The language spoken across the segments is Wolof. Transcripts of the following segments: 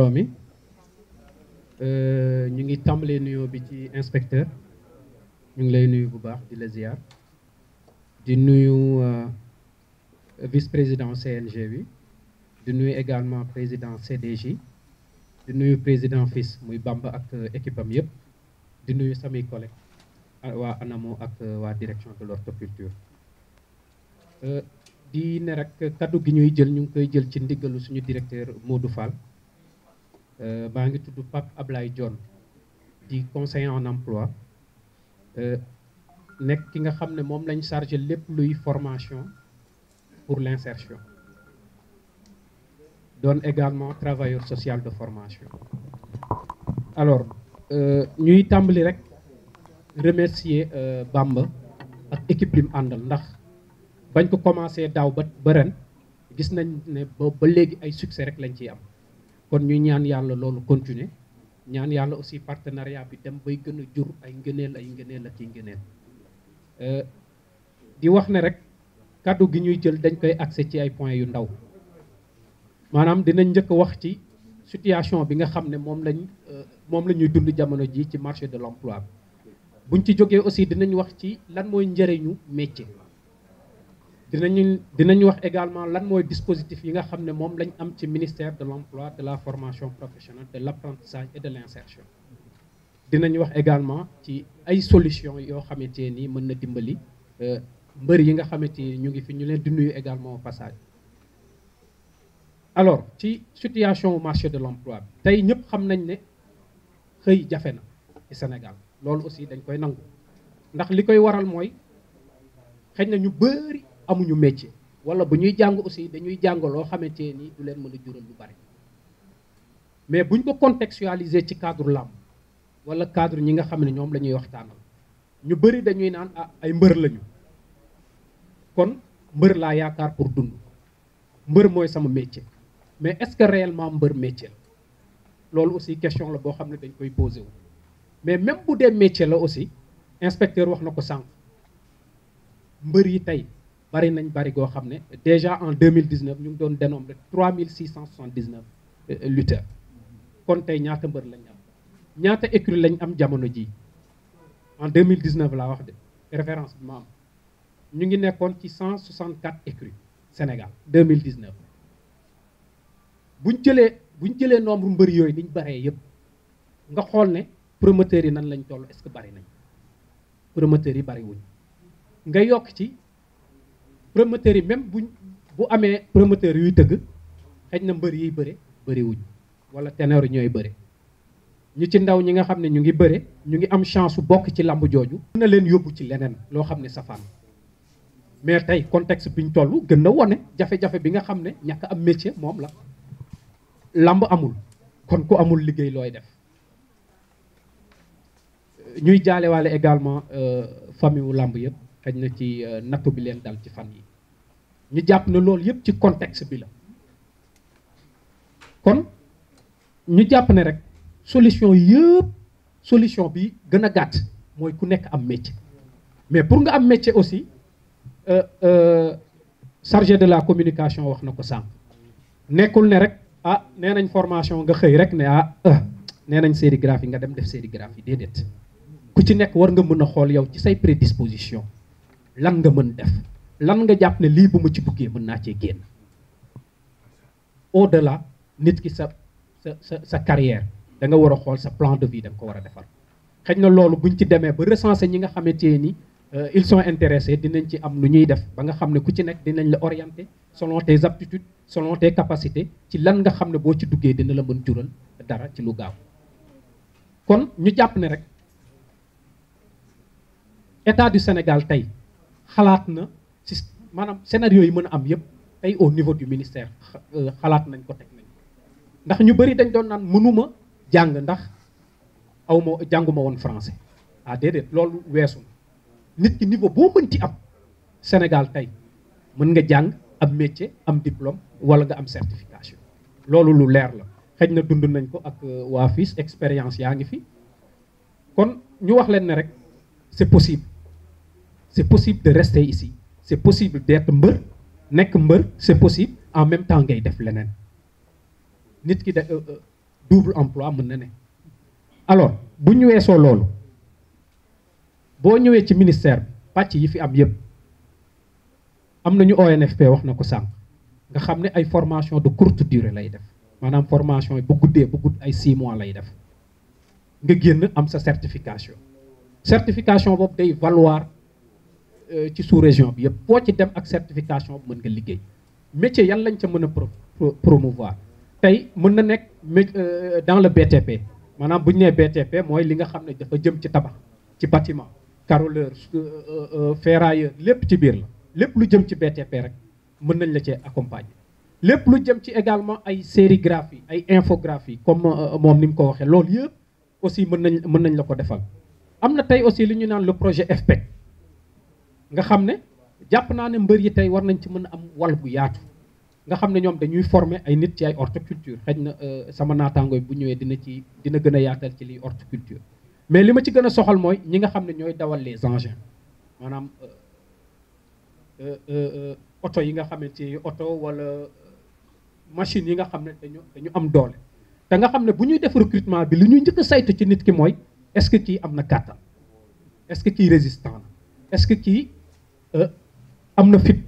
mbooloo mi euh, ñu ngi tàmbalee nuyoo bi ci inspecteur ñu ngi lay nuyu bu baax di la ziar di nuyu euh, vice-président CNG bi di nuyu également président CDJ di nuyu président FIS muy Bamba ak euh, équipe am yëpp di nuyu samay collègues waa ANAMO ak waa direction de l'horticulture di ne rek kaddu gi ñuy jël ñu ngi koy jël ci ndiggalu suñu directeur Modou Fall Euh, maa ngi tudd Pape Ablaye Dione di conseiller en emploi euh, nekk ki nga xam ne moom lañ chargé lépp luy formation pour l'insertion doon également travailleur social de formation alors euh, ñuy tàmbali rek remercier Bamba ak équipe bi àndal ndax bañ ko commencé daaw ba ba ren gis nañ ne ba léegi ay succès rek lañ ciy am kon ñu ñaan yàlla loolu continuer ñaan yàlla aussi partenariat bi dem bay gën a jur ay ngëneel ay ngëneel ak i ngëneel euh, di wax ne rek kàddu gi ñuy jël dañ koy accès ci ay points yu ndaw maanaam dinañ njëkk wax ci situation bi nga xam ne moom lañ euh, moom la ñuy dund jamono ji ci marché de l'emploi buñ ci jógee aussi dinañ wax ci lan mooy njëriñu métier ñu dinañu wax également lan mooy dispositif yi nga xam ne moom lañ am ci ministère de l'emploi de la formation professionnelle de l'apprentissage et de l'insertion dinañu wax également ci ay solution yoo xamante ni mën na dimbali euh, mbër yi nga xamante ni ñu ngi fi ñu leen di nuyu également au passage alors ci situation marché de l'emploi bi tey ñëpp xam nañ ne xëy jafe na ci Sénégal loolu aussi dañ koy nangu ndax li koy waral mooy xëy na ñu amuñu métier wala bu ñuy jàng aussi dañuy jàng loo xamante ni du leen mën a jural lu bari mais buñ ko contextualiser ci cadre làmb wala cadre ñi nga xam ne ñoom la ñuy waxtaanal ñu bëri dañuy naan ah ay mbër lañu kon mbër laa yaakaar pour dund mbër mooy sama métier mais est-ce que réellement mbër métier la loolu aussi question la boo xam ne dañ koy posé wu mais même bu dee métier la aussi inspecteur wax na ko sànq mbër yi tey bari nañ bari goo xam ne déjà en mille 2019 ñu ngi doon dénombré 3679 euh, euh, lutteurs kon tey ñaata mbër lañ am ñaata écurie lañ am jamono jii en 2019 laa wax de référence bi ñu ngi nekkoon ci 164 écuries Sénégal 2019 buñ jëlee buñ jëlee nombre mbër yooyu niñ baree yépp nga xool ne promoteurs yi nan lañ toll est-ce que bari nañ promoteurs yi bari nga yokk ci promoteurs yi même buñ bu amee promoteurs yuy tëgg xëj na mbër yiy bëre bëri wuñ wala ténor ñooy bëre ñu ci ndaw ñi nga xam ne ñu ngi bëre ñu ngi am chance su bokk ci làmb jooju mën na leen yóbbu ci leneen loo xam ne safaan mais tey contexte bi ñu toll gën na wone jafe-jafe bi nga xam ne ñàkk am métier moom la làmb amul kon ku amul liggéey looy def ñuy jaalewaale également euh, famille wu làmb yëpp xaj na ci euh, nakk bi leen dal ci fan yi ñu jàpp ne loolu yépp ci contexte bi la kon ñu jàpp ne rek solution yépp solution bi gën a gàtt mooy ku nekk am métier mais pour nga am métier aussi euh, euh, chargé de la communication wax na ko sànq nekkul ne rek ah nee nañ formation nga xëy rek ne ah nee nañ sérigraphie nga dem def sérigraphie déedéet ku ci nekk war nga mën a xool yow ci say prédisposition lan nga mën def lan nga jàpp ne lii bu ma ci duggee mën naa cee génn au delà nit ki sa sa sa sa carrière da nga war a xool sa plan de vie da nga ko war a defar xëy na loolu buñ ci demee ba recenser ñi nga xamante ni euh, ils son intéressés dinañ ci am lu ñuy def ba nga xam ne ku ci nekk dinañ la orienter selon tes aptitudes selon tes capacités ci lan nga xam ne boo ci duggee dina la mën jural dara ci lu gaaw kon ñu jàpp ne rek état du Sénégal tey xalaat na si maanaam scénario yi mën a am yëpp tey au niveau du ministère euh, xalaat nañ ko teg ndax ñu bëri dañ doon naan mënuma jàng ndax aw ma jànguma woon français ah déedéet loolu weesu nit ki niveau boo mënti am Sénégal tey mën nga jàng am métier am diplôme wala nga am certification loolu lu leer la xëj na dund nañ ko ak euh, waa fiis expérience yaa ngi fi kon ñu wax leen ne rek c'est possible c'est possible de rest ici c'est possible d'être mbër nekk mbër c'est possible en même temps ngay def leneen nit ki da euh, euh, double emploi mën na ne alors bu ñu weesoo loolu boo ñëwee ci ministère pàcc yi fi am yëpp am nañu ONFP wax na ko sànq nga xam ne ay formation de courte durée lay def maanaam formation bu guddee bu gudd ay 6 mois lay def nga génn am sa certification certification boobu day valoir Euh, ci sous région bi yëpp boo ci dem ak certification bi mën nga liggéey métier yan lañ ca mën a promouvoir tey mën na nekk euh, dans le BTP maanaam bu ñu nee BTP mooy li nga xam ne dafa jëm ci tabax ci bâtiment carreleur euh, ferrailleur lépp ci biir la lépp lu jëm ci BTP rek mën nañ la cee accompagner lépp lu jëm ci également ay sérigraphie ay infographie comme moom ni mu ko waxee loolu yëpp aussi mën nañ mën nañ la ko defal am na tey aussi li ñu naan le projet FPEC nga xam ne jàpp naa ne mbër yi tey war nañ ci mën a am wal bu yaatu nga xam ne ñoom dañuy former ay nit ci ay horticulture xëy na euh, sama naataangooy bu ñëwee dina ci dina gën a yaatal ci liy horticulture mais li ma ci gën a soxal mooy ñi nga xam ne ñooy dawal les engins maanaam euh, euh, oto yi nga xamante ni oto wala machine yi nga xam ne dañu dañu am doole te nga xam ne bu ñuy def recrutement bi li ñuy njëkk saytu ci nit ki mooy est-ce que kii am na kàttan est-ce que kii résistant est-ce que kii Euh, am na fit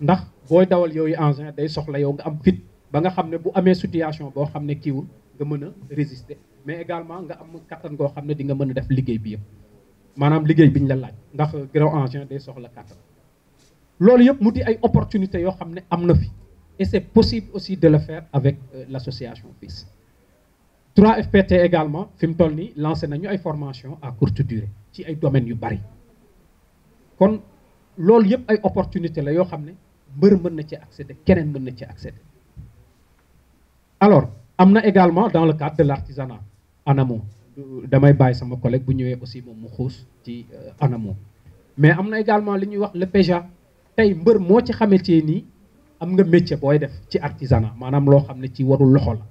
ndax booy dawal yooyu engin day soxla yow nga am fit ba nga xam ne bu amee situation boo xam ne kiiwul nga mën a résister mais également nga am kattan goo xam ne di nga mën a def liggéey bi yëpp maanaam liggéey bi ñu la laaj ndax grand engin day soxla kattan loolu yëpp mu di ay opportunités yoo xam ne am na fi et c'est possible aussi de le faire avec euh, l'association FILS 3FPT également fi mu toll nii lancé nañu ay formation à courte durée ci ay domaines yu bari loolu yëpp ay opportunité la yoo xam ne mbër mën na ci de keneen mën na ci accéder alors am na également dans le cadre de l'artisanat en damay bàyyi sama collègue bu ñëwee aussi moom mu xuus ci en euh, amont mais am na également li ñuy wax le PEJA tey mbër moo ci xamante nii am nga métier booy def ci artisanat maanaam loo xam ne ci warul loxo la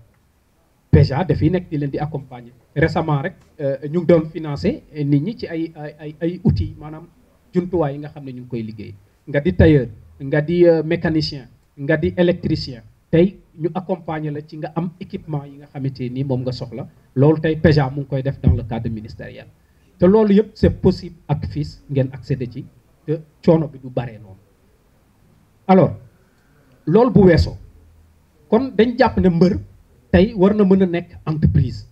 PEJA dafiy nekk di leen di accompagner récemment rek euh, ñu ngi doon financer nit ñi ci ay ay ay ay maanaam jumtuwaay yi nga xam ne ñu ngi koy liggéey nga di tailleur nga di euh, mécanicien nga di électricien tey ñu accompagner la ci nga am équipement yi nga xamante nii moom nga soxla loolu tey PEJA mu ngi koy def dans le cadre ministériel te loolu yëpp c'est possible ak FIS ngeen accéder ci te coono bi du baree noonu alors loolu bu weesoo kon dañ jàpp ne mbër tey war na mën a nekk entreprise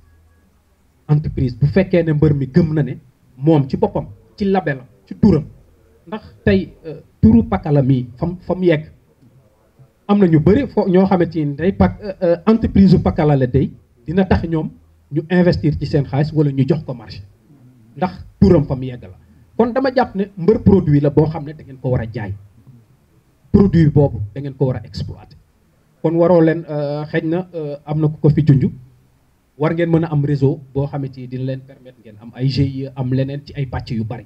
entreprise bu fekkee ne mbër mi gëm na ne moom ci boppam ci labelam ci turam ndax tey euh, turu pakala mii fam fa mu yegg am na ñu bëri foo ñoo xamante ni day pak euh, euh, entreprise u pakala la day dina tax ñoom ñu investir ci seen xaalis wala ñu jox ko marché ndax turam fa mu yegg la kon dama jàpp ne mbër produits la boo xam ne da ngeen ko war a jaay produit boobu da ngeen ko war a exploiter kon waroo leen xëy na am na ku ko fi junj war ngeen mën a am réseau boo xamante ni dina leen permettre ngeen am ay GIE am leneen ci ay pàcc yu bari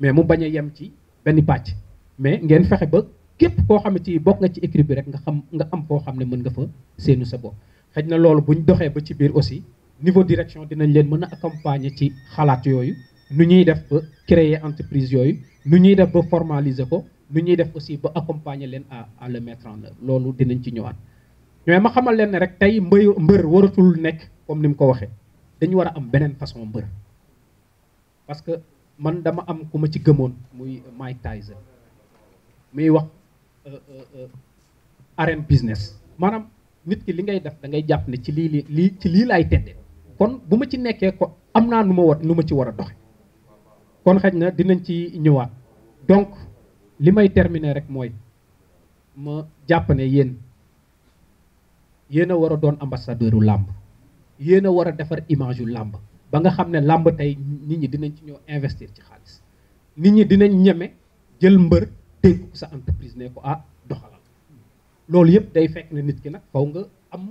mais mu bañ a yem ci benn pàcc mais ngeen fexe ba képp koo xam ne ci bokk nga ci équipe bi rek nga xam nga am foo xam ne mën nga fa seenu sa bopp xëj na loolu buñ doxee ba ci biir aussi niveau direction dinañ leen mën a accompagner ci xalaat yooyu nu ñuy def ba créer entreprise yooyu nu ñuy def ba formaliser ko nu ñuy def aussi ba accompagner leen à à le en œuvre loolu dinañ ci ñëwaat mais ma xamal leen ne rek tey mbër mbër waratul nekk comme ni mu ko waxee dañu war a am beneen façon mbër man dama am ku ma ci gëmoon muy Mike Tyson muy wax arène euh, euh, euh, business maanaam nit ki li ngay def da ngay jàpp ne ci lii li lii ci lii laay tedde kon bu ma ci nekkee ko am naa nu ma nu ma ci war a doxe kon xëy na dinañ ci ñëwaat donc li may terminer rek mooy ma jàpp ne yéen yéen a war a doon ambassadeur u làmb yéen a war a defar image yu làmb ba nga xam ne làmb tey nit ñi dinañ ci ñëw investir ci xaalis nit ñi dinañ ñeme jël mbër dénk ko sa entreprise ne ko ah doxalal loolu yëpp day fekk ne nit ki nag faw nga am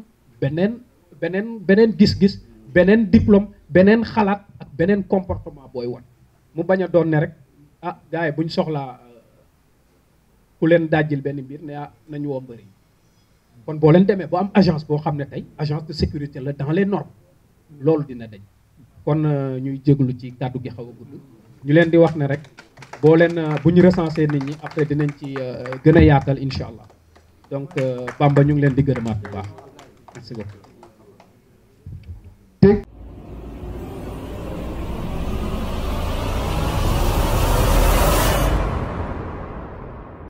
beneen beneen beneen gis-gis beneen diplôme beneen xalaat ak beneen comportement booy wan mu bañ a doon ne rek ah gars yi buñ soxlaa ku leen dajjil benn mbir ne ah nañu woo mbër yi kon boo leen demee boo am agence boo xam ne tey agence de sécurité la dans les normes loolu dina deñ kon euh, ñuy jéglu ci kàddu gi xaw a ñu leen di wax ne rek boo leen euh, bu ñu recensé nit ñi après dinañ ci euh, gën a yaatal incha allah donc Bamba ñu ngi leen di gërëmaat bu baax